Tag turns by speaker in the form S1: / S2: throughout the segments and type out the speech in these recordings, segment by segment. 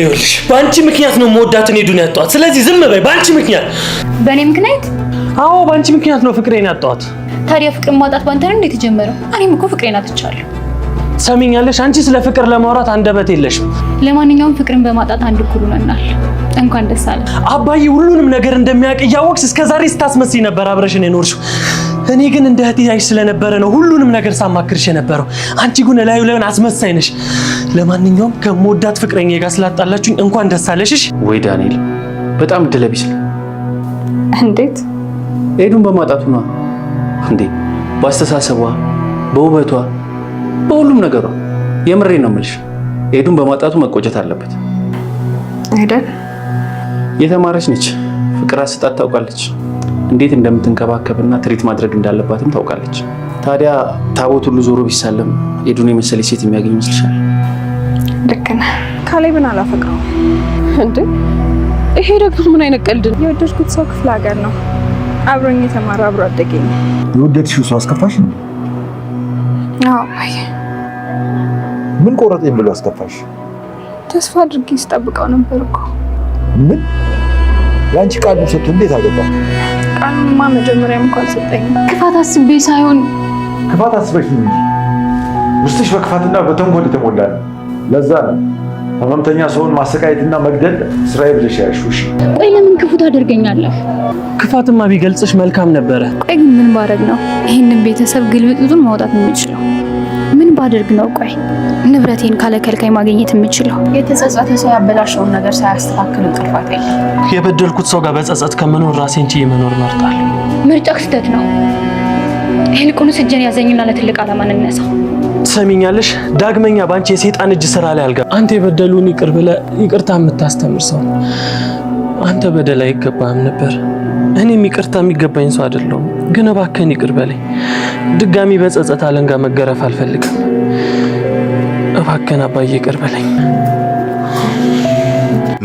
S1: ይኸውልሽ በአንቺ ምክንያት ነው መወዳትን ሄዱን ያጣዋት። ስለዚህ ዝም በይ። በአንቺ ምክንያት በእኔ ምክንያት? አዎ በአንቺ ምክንያት ነው ፍቅሬን ያጣዋት።
S2: ታዲያ ፍቅር ማጣት ባንተ ነው እንዴት የተጀመረው? እኔም እኮ ፍቅሬን አጥቻለሁ።
S1: ሰሚኛለሽ? አንቺ ስለ ፍቅር ለማውራት አንደበት የለሽም።
S2: ለማንኛውም ፍቅርን በማጣት አንድ እኩል ሆነናል። እንኳን ደስ አለ
S1: አባዬ። ሁሉንም ነገር እንደሚያውቅ እያወቅሽ እስከዛሬ ስታስመስይ ነበር አብረሽን የኖርሽው። እኔ ግን እንደ እህቴ ያይሽ ስለነበረ ነው ሁሉንም ነገር ሳማክርሽ የነበረው። አንቺ ግን ላዩ ላዩን አስመሳይ ነሽ። ለማንኛውም ከሞዳት ፍቅረኛ ጋር ስላጣላችሁኝ እንኳን ደስ አለሽሽ።
S3: ወይ ዳንኤል በጣም ድለቢስ ነው። እንዴት ኤዱን በማጣቱ ነው እንዴ? በአስተሳሰቧ፣ በውበቷ፣ በሁሉም ነገሯ የምሬ ነው የምልሽ። ኤዱን በማጣቱ መቆጨት አለበት አይደል? የተማረች ነች፣ ፍቅር አስጣት ታውቃለች፣ እንዴት እንደምትንከባከብና ትሪት ማድረግ እንዳለባትም ታውቃለች። ታዲያ ታቦት ሁሉ ዞሮ ቢሳለም ኤዱን የመሰለች ሴት የሚያገኝ ይመስልሻል?
S2: ግን ካሌብን አላፈቅረውም። እንዴ ይሄ ደግሞ ምን አይነት ቀልድ ነው? የወደድኩት ሰው ክፍለ ሀገር ነው፣ አብሮኝ የተማረ አብሮ አደገኝ።
S4: የወደድሽው ሰው አስከፋሽ? አዎ። ምን ቆረጠኝ ብሎ አስከፋሽ?
S2: ተስፋ አድርጌ ስጠብቀው ነበር እኮ።
S4: ምን የአንቺ ቃል ሰጥቶ እንዴት አገባ?
S2: ቃልማ መጀመሪያም እኮ አልሰጠኝም። ክፋት አስቤ ሳይሆን
S4: ክፋት አስበሽ እንጂ ውስጥሽ በክፋትና በተንኮል የተሞላ ነው። ለዛ ነው ህመምተኛ ሰውን ማሰቃየትና መግደል ስራዬ ብለሽ ያልሺው።
S2: ቆይ ለምን ክፉ ታደርገኛለህ?
S1: ክፋትማ ቢገልጽሽ መልካም ነበረ።
S2: ቆይ ግን ምን ባደርግ ነው ይህንን ቤተሰብ ግልብጡን ማውጣት የምችለው? ምን ባደርግ ነው ቆይ ንብረቴን ካለ ከልካይ ማግኘት የምችለው? የተጸጸተ ሰው ያበላሸውን ነገር ሳያስተካክል እንቅልፋት የለም።
S1: የበደልኩት ሰው ጋር በጸጸት ከመኖር ራሴን ችዬ መኖር መርጣል።
S2: ምርጫ ክስተት ነው። ይልቁንስ እጄን ያዘኝና ለትልቅ ዓላማ እንነሳ።
S1: ትሰሚኛለሽ? ዳግመኛ በአንቺ የሰይጣን እጅ ስራ ላይ አልጋ። አንተ የበደሉን ይቅር ብለህ ይቅርታ የምታስተምር ሰው አንተ በደል አይገባህም ነበር። እኔም ይቅርታ የሚገባኝ ሰው አይደለሁም፣ ግን እባክህን ይቅር በለኝ። ድጋሚ በጸጸት አለንጋ መገረፍ አልፈልግም። እባክህን አባዬ ይቅር በለኝ።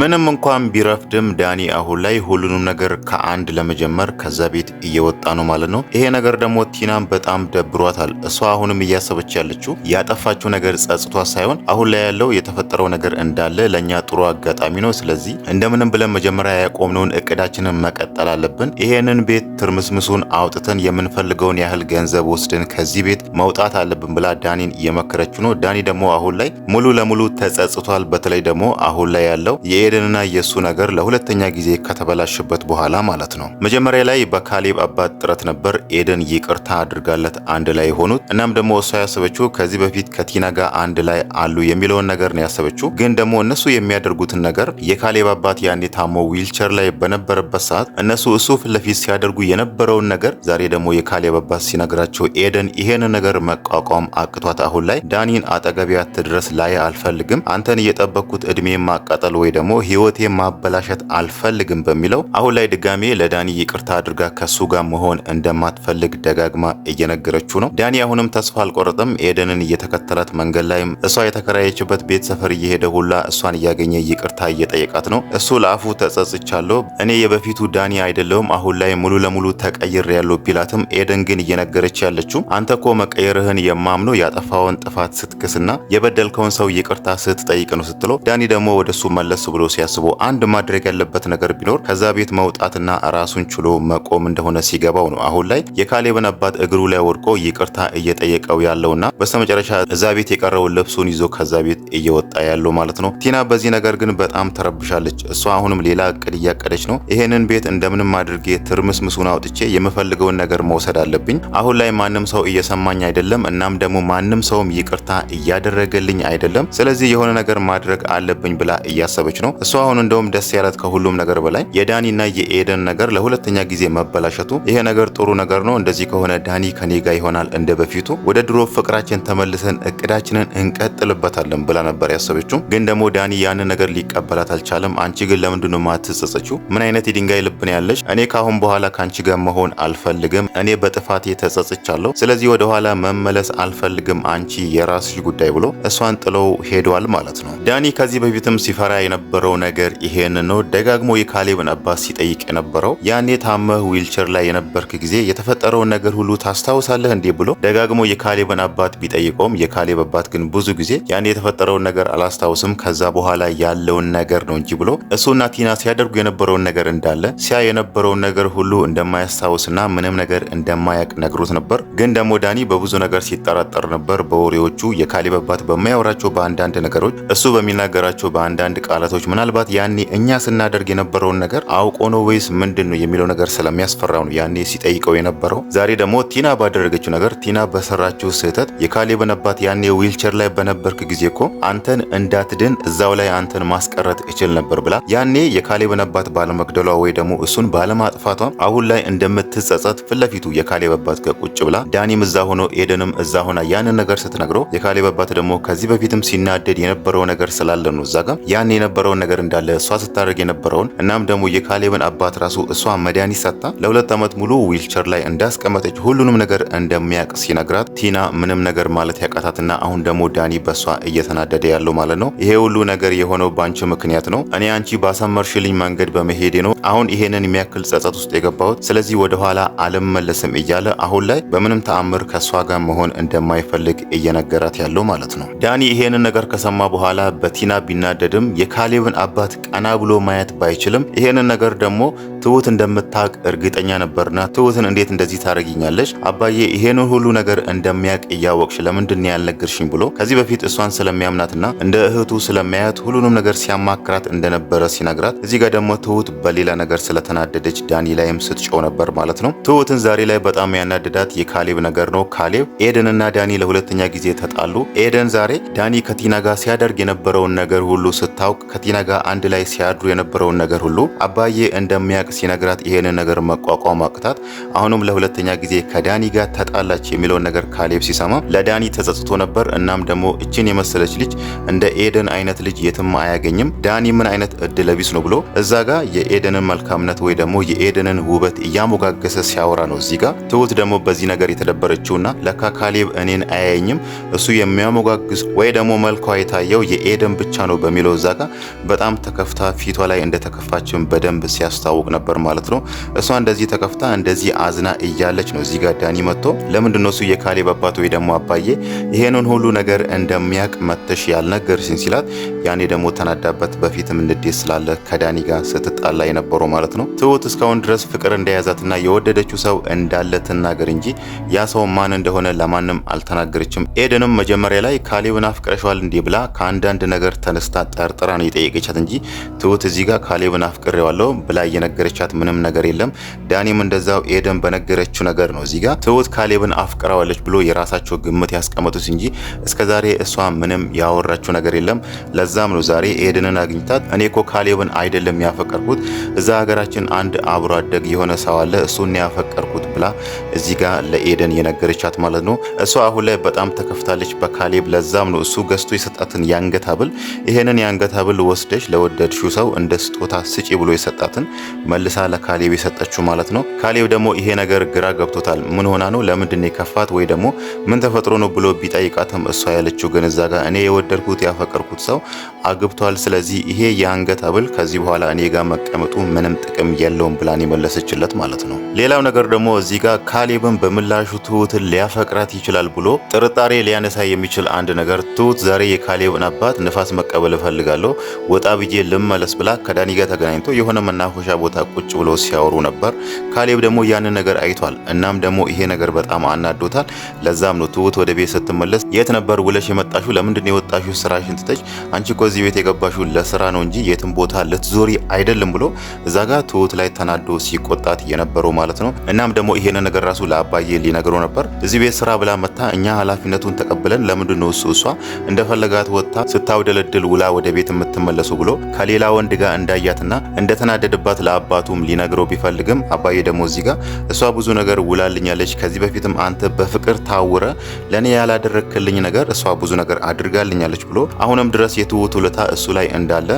S5: ምንም እንኳን ቢረፍድም ዳኒ አሁን ላይ ሁሉንም ነገር ከአንድ ለመጀመር ከዛ ቤት እየወጣ ነው ማለት ነው። ይሄ ነገር ደግሞ ቲናም በጣም ደብሯታል። እሷ አሁንም እያሰበች ያለችው ያጠፋችው ነገር ጸጽቷ ሳይሆን አሁን ላይ ያለው የተፈጠረው ነገር እንዳለ ለእኛ ጥሩ አጋጣሚ ነው። ስለዚህ እንደምንም ብለን መጀመሪያ ያቆምነውን እቅዳችንን መቀጠል አለብን። ይሄንን ቤት ትርምስምሱን አውጥተን የምንፈልገውን ያህል ገንዘብ ወስደን ከዚህ ቤት መውጣት አለብን ብላ ዳኒን እየመከረችው ነው። ዳኒ ደግሞ አሁን ላይ ሙሉ ለሙሉ ተጸጽቷል። በተለይ ደግሞ አሁን ላይ ያለው የኤደንና የእሱ ነገር ለሁለተኛ ጊዜ ከተበላሽበት በኋላ ማለት ነው። መጀመሪያ ላይ በካሌብ አባት ጥረት ነበር ኤደን ይቅርታ አድርጋለት አንድ ላይ የሆኑት። እናም ደግሞ እሷ ያሰበችው ከዚህ በፊት ከቲና ጋር አንድ ላይ አሉ የሚለውን ነገር ነው ያሰበችው። ግን ደግሞ እነሱ የሚያደርጉትን ነገር የካሌብ አባት ያኔ ታሞ ዊልቸር ላይ በነበረበት ሰዓት እነሱ እሱ ፊት ለፊት ሲያደርጉ የነበረውን ነገር ዛሬ ደግሞ የካሌብ አባት ሲነግራቸው ኤደን ይሄን ነገር መቋቋም አቅቷት አሁን ላይ ዳኒን አጠገቢያ ትድረስ ላይ አልፈልግም አንተን እየጠበቅኩት እድሜ ማቃጠል ወይ ደግሞ ህይወቴ ማበላሸት አልፈልግም በሚለው አሁን ላይ ድጋሜ ለዳኒ ይቅርታ አድርጋ ከሱ ጋር መሆን እንደማትፈልግ ደጋግማ እየነገረችው ነው። ዳኒ አሁንም ተስፋ አልቆረጠም። ኤደንን እየተከተላት መንገድ ላይም እሷ የተከራየችበት ቤት ሰፈር እየሄደ ሁላ እሷን እያገኘ ይቅርታ እየጠየቃት ነው። እሱ ለአፉ ተጸጽቻለሁ፣ እኔ የበፊቱ ዳኒ አይደለሁም፣ አሁን ላይ ሙሉ ለሙሉ ተቀይር ያለው ቢላትም ኤደን ግን እየነገረች ያለችው አንተ ኮ መቀየርህን የማምኖ ያጠፋውን ጥፋት ስትክስና የበደልከውን ሰው ይቅርታ ስትጠይቅ ነው ስትለው ዳኒ ደግሞ ወደሱ መለስ ብሎ ሲያስቡ አንድ ማድረግ ያለበት ነገር ቢኖር ከዛ ቤት መውጣትና ራሱን ችሎ መቆም እንደሆነ ሲገባው ነው። አሁን ላይ የካሌብን አባት እግሩ ላይ ወድቆ ይቅርታ እየጠየቀው ያለውና በስተመጨረሻ እዛ ቤት የቀረውን ልብሱን ይዞ ከዛ ቤት እየወጣ ያለው ማለት ነው። ቲና በዚህ ነገር ግን በጣም ተረብሻለች። እሷ አሁንም ሌላ እቅድ እያቀደች ነው። ይሄንን ቤት እንደምንም አድርጌ ትርምስምሱን አውጥቼ የምፈልገውን ነገር መውሰድ አለብኝ። አሁን ላይ ማንም ሰው እየሰማኝ አይደለም። እናም ደግሞ ማንም ሰውም ይቅርታ እያደረገልኝ አይደለም። ስለዚህ የሆነ ነገር ማድረግ አለብኝ ብላ እያሰበች ነው። ነው። እሷ አሁን እንደውም ደስ ያላት ከሁሉም ነገር በላይ የዳኒና የኤደን ነገር ለሁለተኛ ጊዜ መበላሸቱ፣ ይሄ ነገር ጥሩ ነገር ነው። እንደዚህ ከሆነ ዳኒ ከኔ ጋር ይሆናል እንደ በፊቱ ወደ ድሮ ፍቅራችን ተመልሰን እቅዳችንን እንቀጥልበታለን ብላ ነበር ያሰበችው። ግን ደግሞ ዳኒ ያንን ነገር ሊቀበላት አልቻለም። አንቺ ግን ለምንድነው ማትጸጸችው? ምን አይነት የድንጋይ ልብን ያለች እኔ ካሁን በኋላ ከአንቺ ጋር መሆን አልፈልግም። እኔ በጥፋቴ ተጸጽቻለሁ። ስለዚህ ወደኋላ መመለስ አልፈልግም። አንቺ የራስሽ ጉዳይ ብሎ እሷን ጥለው ሄደዋል ማለት ነው። ዳኒ ከዚህ በፊትም ሲፈራ የነበ የነበረው ነገር ይሄን ነው። ደጋግሞ የካሌብን አባት ሲጠይቅ የነበረው ያኔ ታመህ ዊልቸር ላይ የነበርክ ጊዜ የተፈጠረውን ነገር ሁሉ ታስታውሳለህ እንዴ ብሎ ደጋግሞ የካሌብን አባት ቢጠይቀውም የካሌብ አባት ግን ብዙ ጊዜ ያኔ የተፈጠረውን ነገር አላስታውስም፣ ከዛ በኋላ ያለውን ነገር ነው እንጂ ብሎ እሱና ቲና ሲያደርጉ የነበረውን ነገር እንዳለ ሲያ የነበረውን ነገር ሁሉ እንደማያስታውስና ምንም ነገር እንደማያቅ ነግሮት ነበር። ግን ደግሞ ዳኒ በብዙ ነገር ሲጠራጠር ነበር። በወሬዎቹ የካሌብ አባት በማያወራቸው በአንዳንድ ነገሮች፣ እሱ በሚናገራቸው በአንዳንድ ቃላቶች ሰዎች ምናልባት ያኔ እኛ ስናደርግ የነበረውን ነገር አውቆ ነው ወይስ ምንድን ነው የሚለው ነገር ስለሚያስፈራው ነው ያኔ ሲጠይቀው የነበረው። ዛሬ ደግሞ ቲና ባደረገችው ነገር፣ ቲና በሰራችው ስህተት የካሌብን አባት ያኔ ዊልቸር ላይ በነበርክ ጊዜ እኮ አንተን እንዳትድን እዛው ላይ አንተን ማስቀረት እችል ነበር ብላ ያኔ የካሌብን አባት ባለመግደሏ ወይ ደግሞ እሱን ባለማጥፋቷ አሁን ላይ እንደምትጸጸት ፊት ለፊቱ የካሌብ አባት ቁጭ ብላ ዳኒም እዛ ሆኖ ኤደንም እዛ ሆና ያንን ነገር ስትነግረው የካሌብ አባት ደግሞ ከዚህ በፊትም ሲናደድ የነበረው ነገር ስላለ ነው እዛ ጋ ያኔ የነበረው ያለውን ነገር እንዳለ እሷ ስታደርግ የነበረውን እናም ደግሞ የካሌብን አባት ራሱ እሷ መድኃኒት ሰጥታ ለሁለት ዓመት ሙሉ ዊልቸር ላይ እንዳስቀመጠች ሁሉንም ነገር እንደሚያውቅ ሲነግራት ቲና ምንም ነገር ማለት ያቃታትና አሁን ደግሞ ዳኒ በእሷ እየተናደደ ያለው ማለት ነው። ይሄ ሁሉ ነገር የሆነው በአንቺ ምክንያት ነው። እኔ አንቺ ባሰመርሽልኝ መንገድ በመሄዴ ነው አሁን ይሄንን የሚያክል ጸጸት ውስጥ የገባሁት። ስለዚህ ወደኋላ አልመለስም እያለ አሁን ላይ በምንም ተአምር ከእሷ ጋር መሆን እንደማይፈልግ እየነገራት ያለው ማለት ነው። ዳኒ ይሄንን ነገር ከሰማ በኋላ በቲና ቢናደድም የካሌብ የልጁን አባት ቀና ብሎ ማየት ባይችልም ይሄንን ነገር ደግሞ ትሁት እንደምታቅ እርግጠኛ ነበርና ትሁትን እንዴት እንደዚህ ታደርጊኛለች? አባዬ ይሄንን ሁሉ ነገር እንደሚያቅ እያወቅሽ ለምንድን ያልነገርሽኝ ብሎ ከዚህ በፊት እሷን ስለሚያምናትና እንደ እህቱ ስለሚያያት ሁሉንም ነገር ሲያማክራት እንደነበረ ሲነግራት እዚህ ጋር ደግሞ ትሁት በሌላ ነገር ስለተናደደች ዳኒ ላይም ስትጮው ነበር ማለት ነው። ትሁትን ዛሬ ላይ በጣም ያናደዳት የካሌብ ነገር ነው። ካሌብ ኤደንና ዳኒ ለሁለተኛ ጊዜ ተጣሉ። ኤደን ዛሬ ዳኒ ከቲና ጋር ሲያደርግ የነበረውን ነገር ሁሉ ስታውቅ ከቲና ሲነጋ አንድ ላይ ሲያድሩ የነበረውን ነገር ሁሉ አባዬ እንደሚያውቅ ሲነግራት ይሄንን ነገር መቋቋም አቅታት አሁንም ለሁለተኛ ጊዜ ከዳኒ ጋር ተጣላች የሚለውን ነገር ካሌብ ሲሰማ ለዳኒ ተጸጽቶ ነበር። እናም ደግሞ እችን የመሰለች ልጅ እንደ ኤደን አይነት ልጅ የትም አያገኝም፣ ዳኒ ምን አይነት እድለ ቢስ ነው ብሎ እዛ ጋ የኤደንን መልካምነት ወይ ደግሞ የኤደንን ውበት እያሞጋገሰ ሲያወራ ነው። እዚህ ጋር ትሁት ደግሞ በዚህ ነገር የተደበረችውና ለካ ካሌብ እኔን አያየኝም እሱ የሚያሞጋግስ ወይ ደግሞ መልኳ የታየው የኤደን ብቻ ነው በሚለው እዛ ጋ በጣም ተከፍታ ፊቷ ላይ እንደተከፋችን በደንብ ሲያስታውቅ ነበር ማለት ነው። እሷ እንደዚህ ተከፍታ እንደዚህ አዝና እያለች ነው እዚህ ጋር ዳኒ መጥቶ ለምንድን ነው እሱ የካሌብ አባት ወይ ደግሞ አባዬ ይሄንን ሁሉ ነገር እንደሚያውቅ መተሽ ያልነገርሽን ሲላት፣ ያኔ ደግሞ ተናዳበት በፊትም ንዴት ስላለ ከዳኒ ጋር ስትጣላ የነበረው ማለት ነው። ትሁት እስካሁን ድረስ ፍቅር እንደያዛትና የወደደችው ሰው እንዳለ ትናገር እንጂ ያ ሰው ማን እንደሆነ ለማንም አልተናገረችም። ኤደንም መጀመሪያ ላይ ካሌብን አፍቅረሸዋል እንዲህ ብላ ከአንዳንድ ነገር ተነስታ ጠርጥራ ነው ይጠይቃል ጠየቀቻት እንጂ ትሁት እዚህ ጋር ካሌብን አፍቅሬዋለሁ ብላ እየነገረቻት ምንም ነገር የለም። ዳኒም እንደዛው ኤደን በነገረችው ነገር ነው እዚህ ጋር ትሁት ካሌብን አፍቅረዋለች ብሎ የራሳቸው ግምት ያስቀመጡት እንጂ እስከዛሬ እሷ ምንም ያወራችው ነገር የለም። ለዛም ነው ዛሬ ኤደንን አግኝታት እኔ ኮ ካሌብን አይደለም ያፈቀርኩት እዛ ሀገራችን አንድ አብሮ አደግ የሆነ ሰው አለ እሱን ያፈቀርኩት ብላ እዚህ ጋር ለኤደን የነገረቻት ማለት ነው። እሷ አሁን ላይ በጣም ተከፍታለች በካሌብ ለዛም ነው እሱ ገዝቶ የሰጣትን የአንገት ሀብል ይሄንን የአንገት ሀብል ወስ ወስደሽ ለወደድሽው ሰው እንደ ስጦታ ስጪ ብሎ የሰጣትን መልሳ ለካሌብ የሰጠችው ማለት ነው። ካሌብ ደግሞ ይሄ ነገር ግራ ገብቶታል። ምን ሆና ነው ለምንድን የከፋት ወይ ደግሞ ምን ተፈጥሮ ነው ብሎ ቢጠይቃትም እሷ ያለችው ግን እዛ ጋር እኔ የወደድኩት ያፈቀርኩት ሰው አግብቷል። ስለዚህ ይሄ የአንገት ሀብል ከዚህ በኋላ እኔ ጋር መቀመጡ ምንም ጥቅም የለውም ብላን የመለሰችለት ማለት ነው። ሌላው ነገር ደግሞ እዚህ ጋር ካሌብን በምላሹ ትሁትን ሊያፈቅራት ይችላል ብሎ ጥርጣሬ ሊያነሳ የሚችል አንድ ነገር ትሁት ዛሬ የካሌብን አባት ንፋስ መቀበል እፈልጋለሁ ወጣ ብዬ ልመለስ ብላ ከዳኒ ጋር ተገናኝቶ የሆነ መናፈሻ ቦታ ቁጭ ብሎ ሲያወሩ ነበር። ካሌብ ደግሞ ያንን ነገር አይቷል። እናም ደግሞ ይሄ ነገር በጣም አናዶታል። ለዛም ነው ትሁት ወደ ቤት ስትመለስ የት ነበር ውለሽ የመጣሹ? ለምንድን የወጣሹ? ስራሽን ትተሽ አንቺ እኮ እዚህ ቤት የገባሹ ለስራ ነው እንጂ የትም ቦታ ልትዞሪ አይደለም ብሎ እዛ ጋር ትሁት ላይ ተናዶ ሲቆጣት የነበረው ማለት ነው። እናም ደግሞ ይሄን ነገር ራሱ ለአባዬ ሊነግረው ነበር። እዚህ ቤት ስራ ብላ መታ እኛ ኃላፊነቱን ተቀብለን ለምንድን ነው እሱ እሷ እንደፈለጋት ወጥታ ስታውደለድል ውላ ወደ ቤት የምትመለስ ተመለሱ ብሎ ከሌላ ወንድ ጋር እንዳያትና እንደተናደደባት ለአባቱም ሊነግረው ቢፈልግም አባዬ ደግሞ እዚህ ጋር እሷ ብዙ ነገር ውላልኛለች፣ ከዚህ በፊትም አንተ በፍቅር ታውረ ለእኔ ያላደረክልኝ ነገር እሷ ብዙ ነገር አድርጋልኛለች ብሎ አሁንም ድረስ የትውት ውለታ እሱ ላይ እንዳለ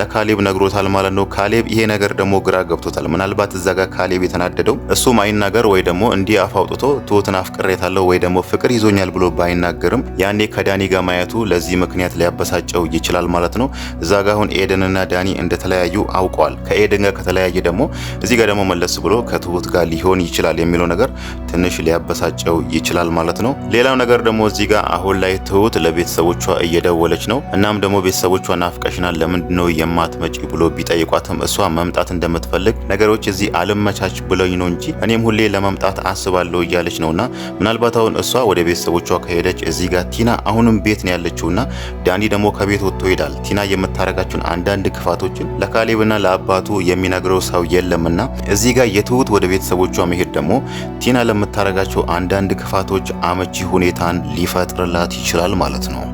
S5: ለካሌብ ነግሮታል ማለት ነው። ካሌብ ይሄ ነገር ደግሞ ግራ ገብቶታል። ምናልባት እዛ ጋር ካሌብ የተናደደው እሱ ማይናገር ወይ ደግሞ እንዲህ አፋውጥቶ ትውትን አፍቅሬታለሁ ወይ ደግሞ ፍቅር ይዞኛል ብሎ ባይናገርም ያኔ ከዳኒ ጋር ማየቱ ለዚህ ምክንያት ሊያበሳጨው ይችላል ማለት ነው እዛ ጋር አሁን ኤደንና ዳኒ እንደተለያዩ አውቀዋል። ከኤደን ጋር ከተለያየ ደግሞ እዚህ ጋር ደግሞ መለስ ብሎ ከትሁት ጋር ሊሆን ይችላል የሚለው ነገር ትንሽ ሊያበሳጨው ይችላል ማለት ነው። ሌላው ነገር ደግሞ እዚህ ጋር አሁን ላይ ትሁት ለቤተሰቦቿ እየደወለች ነው። እናም ደግሞ ቤተሰቦቿ ናፍቀሽናል፣ ለምንድነው ነው የማትመጪ ብሎ ቢጠይቋትም እሷ መምጣት እንደምትፈልግ ነገሮች እዚህ አልመቻች ብለኝ ነው እንጂ እኔም ሁሌ ለመምጣት አስባለሁ እያለች ነውና ምናልባት አሁን እሷ ወደ ቤተሰቦቿ ከሄደች እዚህ ጋር ቲና አሁንም ቤት ነው ያለችውና ዳኒ ደግሞ ከቤት ወጥቶ ይሄዳል። ቲና የምት የምታደርጋቸውን አንዳንድ ክፋቶችን ለካሌብና ለአባቱ የሚነግረው ሰው የለምና እዚህ ጋር የትሁት ወደ ቤተሰቦቿ መሄድ ደግሞ ቲና ለምታረጋቸው አንዳንድ ክፋቶች አመቺ ሁኔታን ሊፈጥርላት ይችላል ማለት ነው።